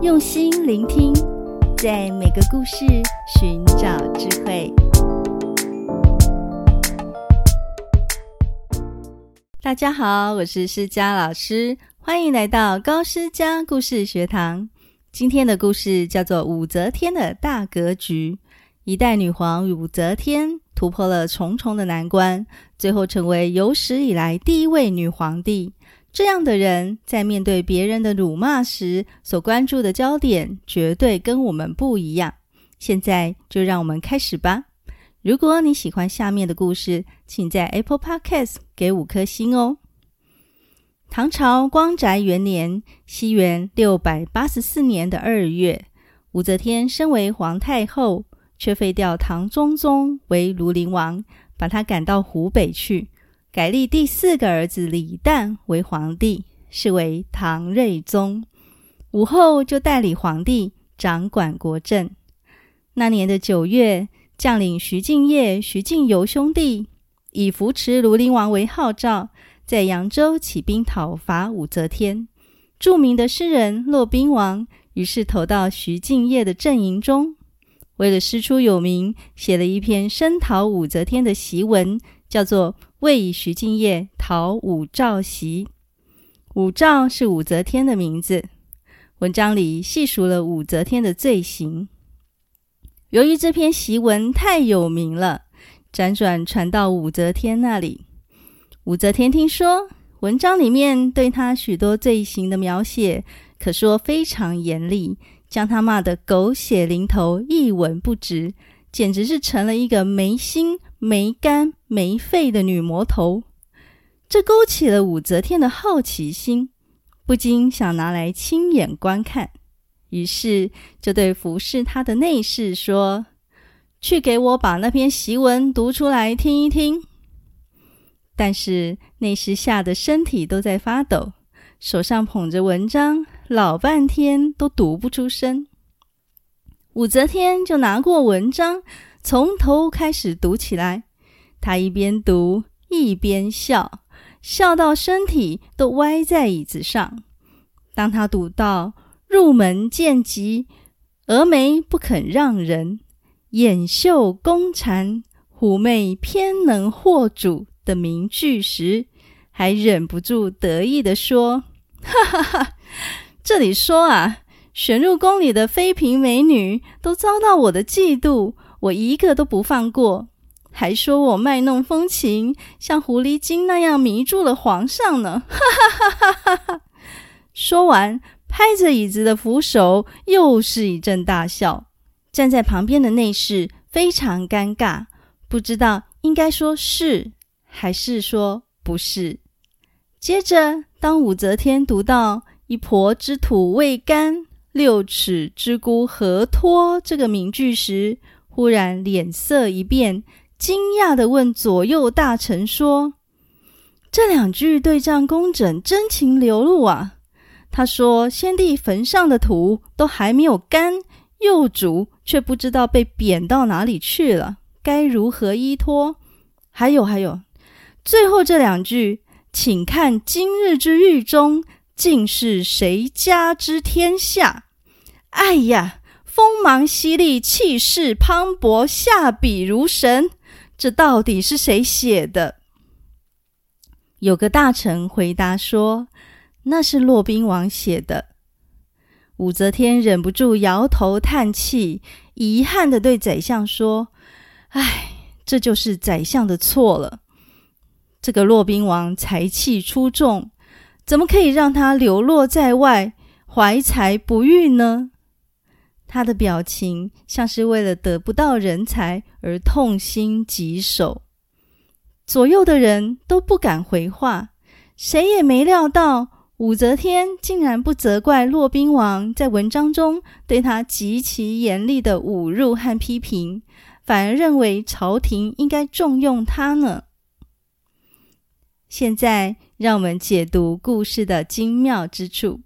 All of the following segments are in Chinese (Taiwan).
用心聆聽，在每個故事尋找智慧。大家好，我是詩佳老師，歡迎來到高詩佳故事學堂。今天的故事叫做《武則天的大格局》，一代女皇武則天突破了重重的難關，最後成為有史以來第一位女皇帝。這樣的人在面對別人的辱罵時，所關注的焦點絕對跟我們不一樣。現在就讓我們開始吧。如果你喜歡下面的故事，請在 Apple Podcast 給五顆星哦。唐朝光宅元年，西元六百八十四年的二月，武則天身為皇太後，卻廢掉唐中宗為廬陵王，把他趕到湖北去。改立第四個兒子李旦為皇帝，是為唐睿宗。武後就代理皇帝，掌管國政。那年的九月，將領徐敬業、徐敬游兄弟以扶持廬陵王為號召，在揚州起兵討伐，伐武則天。著名的詩人駱賓王於是投到徐敬業的陣營中，為了師出有名，寫了一篇聲討武則天的檄文，叫做。為以徐敬業討武曌檄，武曌是武則天的名字。文章裡細數了武則天的罪行。由於這篇檄文太有名了，輾轉傳到武則天那裡。武則天聽說文章裡面對她許多罪行的描寫，可說非常嚴厲，將她罵得狗血淋頭，一文不值，簡直是成了一個眉心。沒肝沒肺的女魔頭，這勾起了武則天的好奇心，不禁想拿來親眼觀看。於是就對服侍她的內侍說：“去給我把那篇檄文讀出來聽一聽。”但是內侍嚇得身體都在發抖，手上捧着文章，老半天都讀不出聲。武則天就拿過文章。從頭開始讀起來，他一邊讀一邊笑，笑到身體都歪在椅子上。當他讀到“入門見嫉，蛾眉不肯讓人；掩袖工讒，狐媚偏能惑主”的名句時，還忍不住得意地說：“哈哈哈哈！這裡說啊，選入宮裡的妃嬪美女都遭到我的嫉妒。”我一個都不放過，還說我賣弄風情，像狐狸精那樣迷住了皇上呢！哈哈哈哈哈！說完，拍着椅子的扶手，又是一陣大笑。站在旁邊的內侍非常尷尬，不知道應該說是還是說不是。接着，當武則天讀到“一抔之土未乾，六尺之孤何托”這個名句時，忽然臉色一變，驚訝地問左右大臣說：“這兩句對仗工整，真情流露啊！”他說：“先帝墳上的土都還沒有乾，幼主卻不知道被貶到哪裡去了，該如何依托？還有還有，最後這兩句，請看今日之域中，竟是誰家之天下？”哎呀！鋒芒犀利，氣勢磅礴，下筆如神。這到底是誰寫的？有個大臣回答說：“那是駱賓王寫的。”武則天忍不住搖頭嘆氣，遺憾的對宰相說：“唉，這就是宰相的錯了。這個駱賓王才氣出眾，怎麼可以讓他流落在外，懷才不遇呢？”他的表情像是為了得不到人才而痛心疾首，左右的人都不敢回話，誰也沒料到武則天竟然不責怪駱賓王在文章中對他極其嚴厲的侮辱和批評，反而認為朝廷應該重用他呢。現在，讓我們解讀故事的精妙之處。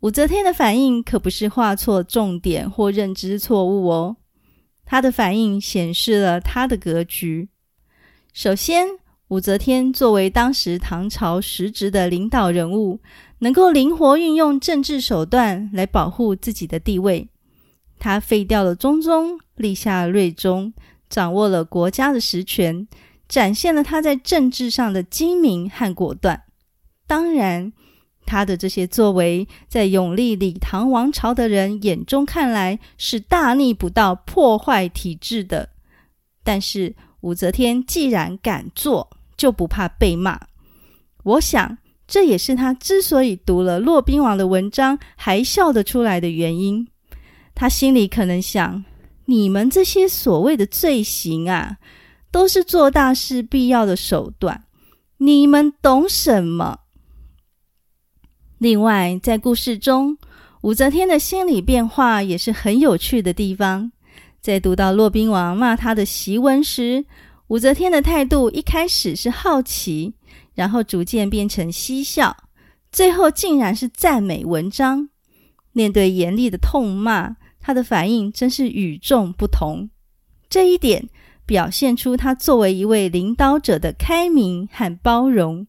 武則天的反應可不是畫錯重點或認知錯誤哦，她的反應顯示了她的格局。首先，武則天作為當時唐朝實質的領導人物，能夠靈活運用政治手段來保護自己的地位。她廢掉了中宗，立下睿宗，掌握了國家的實權，展現了她在政治上的精明和果斷。當然，他的這些作為，在擁立李唐王朝的人眼中看來是大逆不道、破壞體制的。但是武則天既然敢做，就不怕被罵。我想這也是他之所以讀了駱賓王的文章還笑得出來的原因。他心裡可能想：你們這些所謂的罪行啊，都是做大事必要的手段。你們懂什麼？另外，在故事中，武則天的心理變化也是很有趣的地方。在讀到駱賓王罵她的檄文時，武則天的態度一開始是好奇，然後逐漸變成嬉笑，最後竟然是讚美文章。面對嚴厲的痛罵，她的反應真是與眾不同。這一點表現出她作為一位領導者的開明和包容。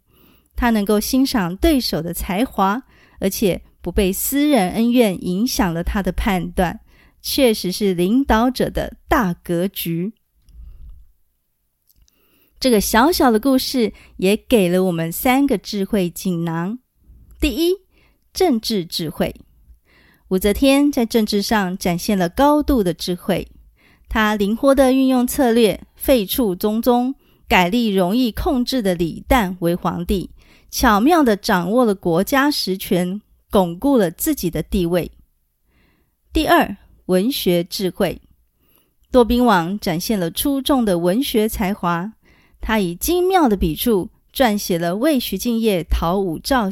他能夠欣賞對手的才華，而且不被私人恩怨影響了他的判斷，確實是領導者的大格局。這個小小的故事也給了我們三個智慧錦囊：第一，政治智慧。武則天在政治上展現了高度的智慧，她靈活的運用策略，廢黜中宗。改立容易控制的李旦為皇帝，巧妙的掌握了國家實權，鞏固了自己的地位。第二，文學智慧，駱賓王展現了出眾的文學才華。他以精妙的筆觸撰寫了《為徐敬業討武曌檄》，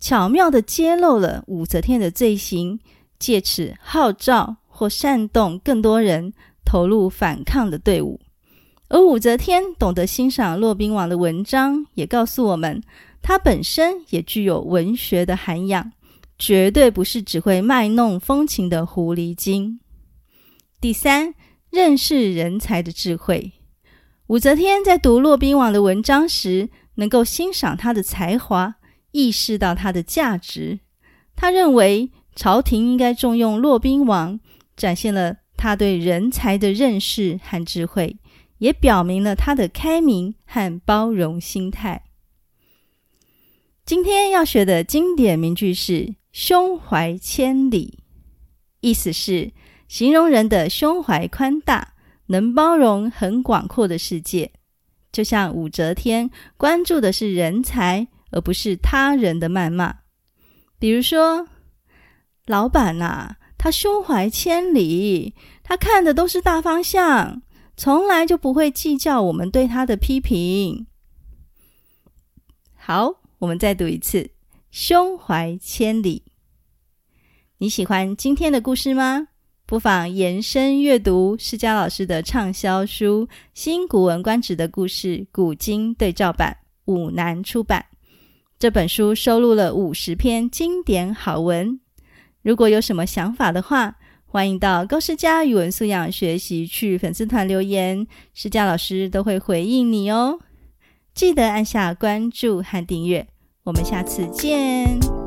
巧妙的揭露了武則天的罪行，借此號召或煽動更多人投入反抗的隊伍。而武則天懂得欣賞駱賓王的文章，也告訴我們，他本身也具有文學的涵養，絕對不是只會賣弄風情的狐狸精。第三，認識人才的智慧。武則天在讀駱賓王的文章時，能夠欣賞他的才華，意識到他的價值。他認為朝廷應該重用駱賓王，展現了他對人才的認識和智慧。也表明了他的開明和包容心態。今天要學的經典名句是“胸懷千里”，意思是形容人的胸懷寬大，能包容很廣闊的世界。就像武則天關注的是人才，而不是他人的謾罵。比如說，老板吶、啊，他胸懷千里，他看的都是大方向。從來就不會計較我們對他的批評。好，我們再讀一次，胸懷千里。你喜歡今天的故事嗎？不妨延伸閱讀詩佳老師的暢銷書《新古文觀止的故事》古今對照版，五南出版。這本書收錄了五十篇經典好文。如果有什麼想法的話。歡迎到高詩佳語文素養學習區粉絲團留言，詩佳老師都會回應你哦。記得按下關注和訂閱，我們下次見。